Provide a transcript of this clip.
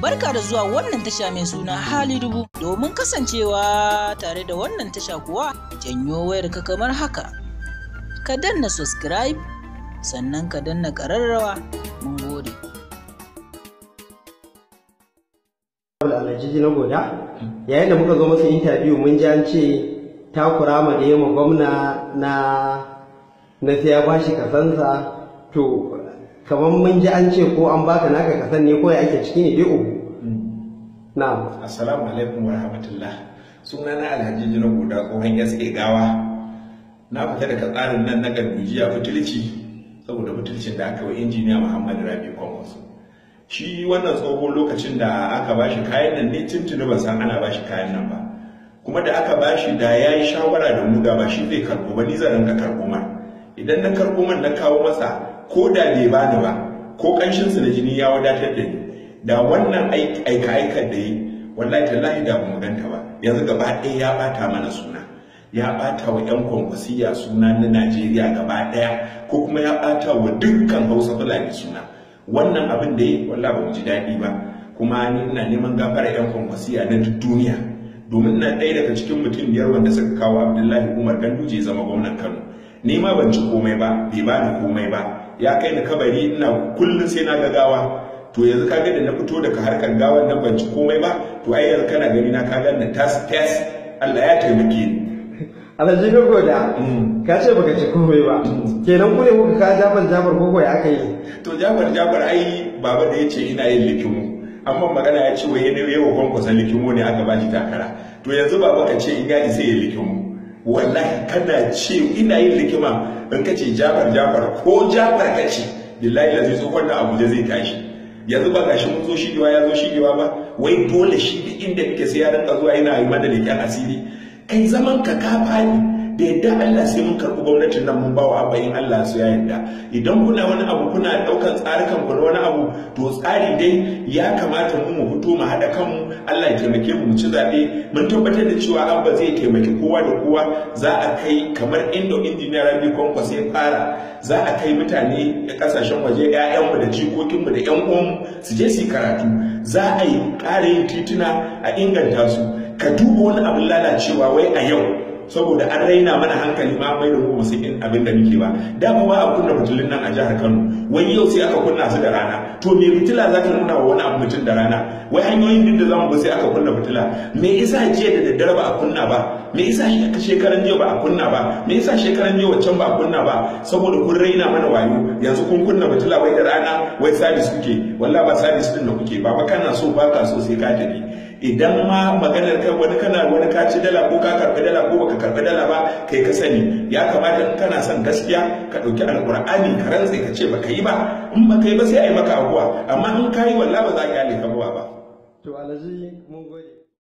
Barka da zuwa wannan tasha mai suna hali dubu domin kasancewa tare da wannan tasha kuwa janyo wayar ka kamar haka. Ka danna subscribe sannan ka danna ƙararrawa mun gode. Alhaji na goda yayin da muka zo masa interview mun ji an ce takura ma da yamma gwamna na na bashi kasansa to kamar mun ji an ce ko an baka naka kasan ne ko ya ake ciki ne dai uku mm. na'am assalamu alaikum wa rahmatullah suna na alhaji jina guda tsohon sa gawa na fita daga tsarin nan na a fitilci saboda fitilcin da aka wa injiniya muhammadu rabi kwankwaso shi wannan tsohon lokacin da aka ba shi kayan nan ne tuntuni ban san ana ba shi kayan nan ba kuma da aka ba shi da ya yi shawara da mu ba shi zai karbo ba ni zan rinka karbo ma idan na karɓo man na kawo masa ko da bai bani ba ko su da jini ya wadatar da ni da wannan aika aikar da yi wallahi tallahi da ba mu ganta ba yanzu gaba ɗaya ya bata mana suna ya ɓata wa 'yan kwankwasiya suna na najeriya gaba ɗaya ko kuma ya bata wa dukkan hausa fulani suna wannan abin da yi wallahi ba mu ji daɗi ba kuma ni ina neman gafara 'yan kwankwasiya na duk duniya domin na ɗaya daga cikin mutum biyar wanda suka kawo abdullahi umar ganduje zama gwamnan kano ni ma ban ci komai ba bai ba ni komai ba ya kai ni kabari ina kullum sai na ga gawa to yanzu ga da na fito daga harkar gawan nan ban ci komai ba to ai yanzu kana gani na ka na tas tas Allah ya taimake ni alhaji ka goda mm. ka ce baka ci komai ba mm. kenan ku ne kuka ka jabar jabar ko ya aka yi to jabar jabar ai baba da yace ina yin likimu amma magana ya ce wai yawa kwankwasan likin ne aka ba shi takara to yanzu baba ka ce in ya isa yin likimu wallahi kana ce ina yin likima in ka ce jafar jafar ko jafar ka ce billahi lazi tsohon da abuja zai tashi yanzu ba gashi mun zo shigewa ya zo shi shigewa ba wai dole shi duk inda kake sai ya rinka zuwa yana yi mana asiri kai zaman ka ka fadi da yadda Allah sai mun karɓi gwamnatin nan mun wa bayin Allah su ya yadda idan kuna wani abu kuna ɗaukan tsarikan ku na wani abu to tsari dai ya kamata mu mu fito mu haɗa kanmu Allah ya taimake mu mu ci zaɓe mun tabbatar da cewa abba zai taimaki kowa da kowa za a kai kamar indo injiniya rabi Kwankwa ya fara za a kai mutane ƙasashen waje 'ya'yanmu da jikokinmu da 'yan uwanmu su je su karatu za a yi ƙara yin tituna a inganta su ka duba wani abin lalacewa wai a yau saboda an raina mana hankali ma mai da mu sai in abin da muke ba dama ma a kunna fitilun nan a jihar Kano wai yau sai aka kunna su da rana to me fitila za ta nuna wa wani abu mutum da rana wai hanyoyin din da mu bi sai aka kunna fitila me yasa jiya da daddare ba a kunna ba me yasa shekaran jiya ba a kunna ba me yasa shekaran jiya wancan ba a kunna ba saboda kun raina mana wayo yanzu kun kunna fitila wai da rana wai sabis kuke wallahi ba sabis din da kuke ba ba kana so ba ka so sai ka tafi idan ma maganar kai wani kana wani ka ci dala ko ka karbi dala ko baka baka karbi dala ba kai ka sani ya kamata kana son gaskiya ka ɗauki alƙur'ani ka rantse ka ce baka yi ba in ba yi ba sai a yi maka abuwa amma in ka yi wallahi ba za ka yi alƙabuwa ba to alaji mun gode